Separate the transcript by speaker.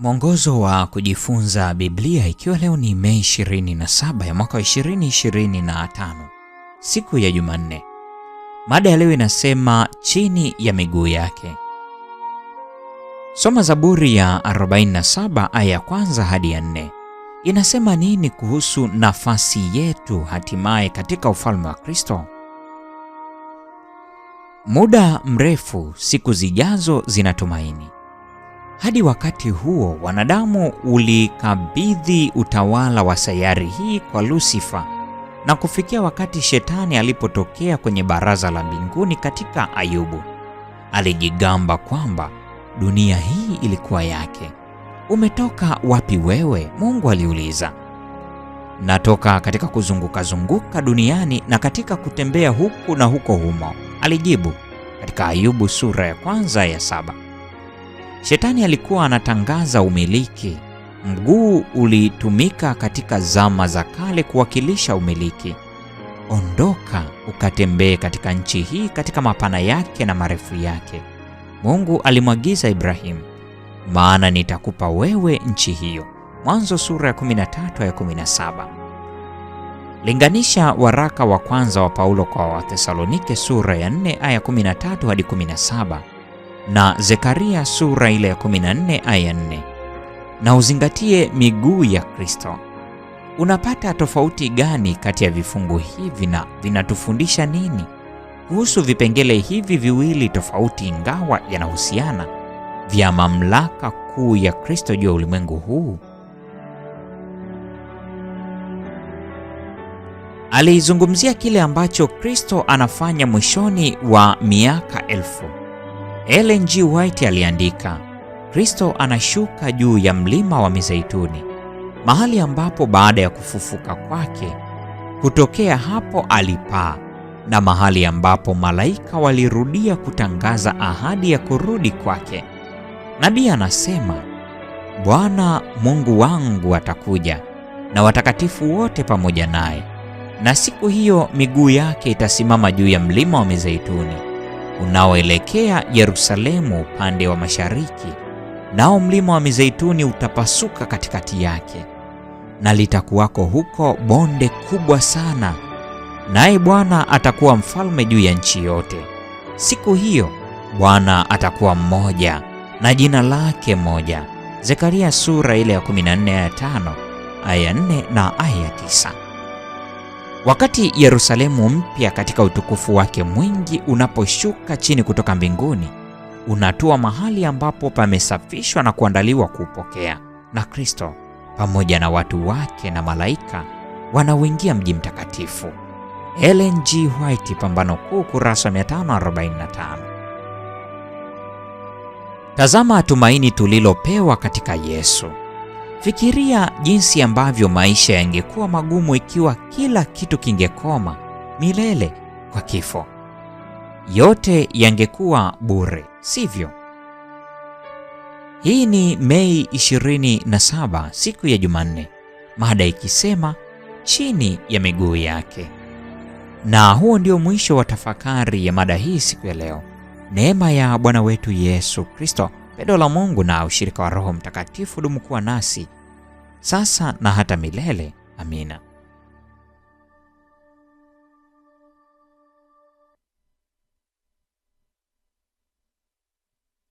Speaker 1: Mwongozo wa kujifunza Biblia ikiwa leo ni Mei 27 ya mwaka 2025, siku ya Jumanne. Mada ya leo inasema chini ya miguu yake. Soma Zaburi ya 47 aya ya kwanza hadi ya nne. Inasema nini kuhusu nafasi yetu hatimaye katika ufalme wa Kristo? Muda mrefu siku zijazo zinatumaini hadi wakati huo, wanadamu ulikabidhi utawala wa sayari hii kwa Lucifer na kufikia wakati shetani alipotokea kwenye baraza la mbinguni katika Ayubu, alijigamba kwamba dunia hii ilikuwa yake. Umetoka wapi wewe? Mungu aliuliza. Natoka katika kuzunguka zunguka duniani na katika kutembea huku na huko humo, alijibu katika Ayubu sura ya kwanza ya saba. Shetani alikuwa anatangaza umiliki. Mguu ulitumika katika zama za kale kuwakilisha umiliki. Ondoka ukatembee katika nchi hii katika mapana yake na marefu yake, Mungu alimwagiza Ibrahimu, maana nitakupa wewe nchi hiyo. Mwanzo sura ya 13 ya 17. Linganisha waraka wa kwanza wa Paulo kwa Wathesalonike sura ya 4 aya 13 hadi 17 na Zekaria sura ile ya 14 aya 4, na uzingatie miguu ya Kristo. Unapata tofauti gani kati ya vifungu hivi na vinatufundisha nini kuhusu vipengele hivi viwili tofauti, ingawa yanahusiana, vya mamlaka kuu ya Kristo juu ya ulimwengu huu? Aliizungumzia kile ambacho Kristo anafanya mwishoni wa miaka elfu Ellen G. White aliandika, Kristo anashuka juu ya mlima wa Mizeituni, mahali ambapo baada ya kufufuka kwake kutokea hapo alipaa, na mahali ambapo malaika walirudia kutangaza ahadi ya kurudi kwake. Nabii anasema, Bwana Mungu wangu atakuja na watakatifu wote pamoja naye, na siku hiyo miguu yake itasimama juu ya mlima wa Mizeituni unaoelekea Yerusalemu upande wa mashariki, nao mlima wa Mizeituni utapasuka katikati yake, na litakuwako huko bonde kubwa sana, naye Bwana atakuwa mfalme juu ya nchi yote. Siku hiyo Bwana atakuwa mmoja na jina lake moja. Zekaria sura ile ya 14 aya 5 aya 4 na aya 9. Wakati Yerusalemu mpya katika utukufu wake mwingi unaposhuka chini kutoka mbinguni, unatua mahali ambapo pamesafishwa na kuandaliwa kuupokea, na Kristo pamoja na watu wake na malaika wanauingia mji mtakatifu. Ellen G. White, Pambano Kuu, kurasa 545. Tazama tumaini tulilopewa katika Yesu. Fikiria jinsi ambavyo maisha yangekuwa magumu ikiwa kila kitu kingekoma milele kwa kifo. Yote yangekuwa bure, sivyo? Hii ni Mei 27, siku ya Jumanne, mada ikisema chini ya miguu yake. Na huo ndio mwisho wa tafakari ya mada hii siku ya leo. Neema ya Bwana wetu Yesu Kristo Pendo la Mungu na ushirika wa Roho Mtakatifu dumu kuwa nasi sasa na hata milele. Amina.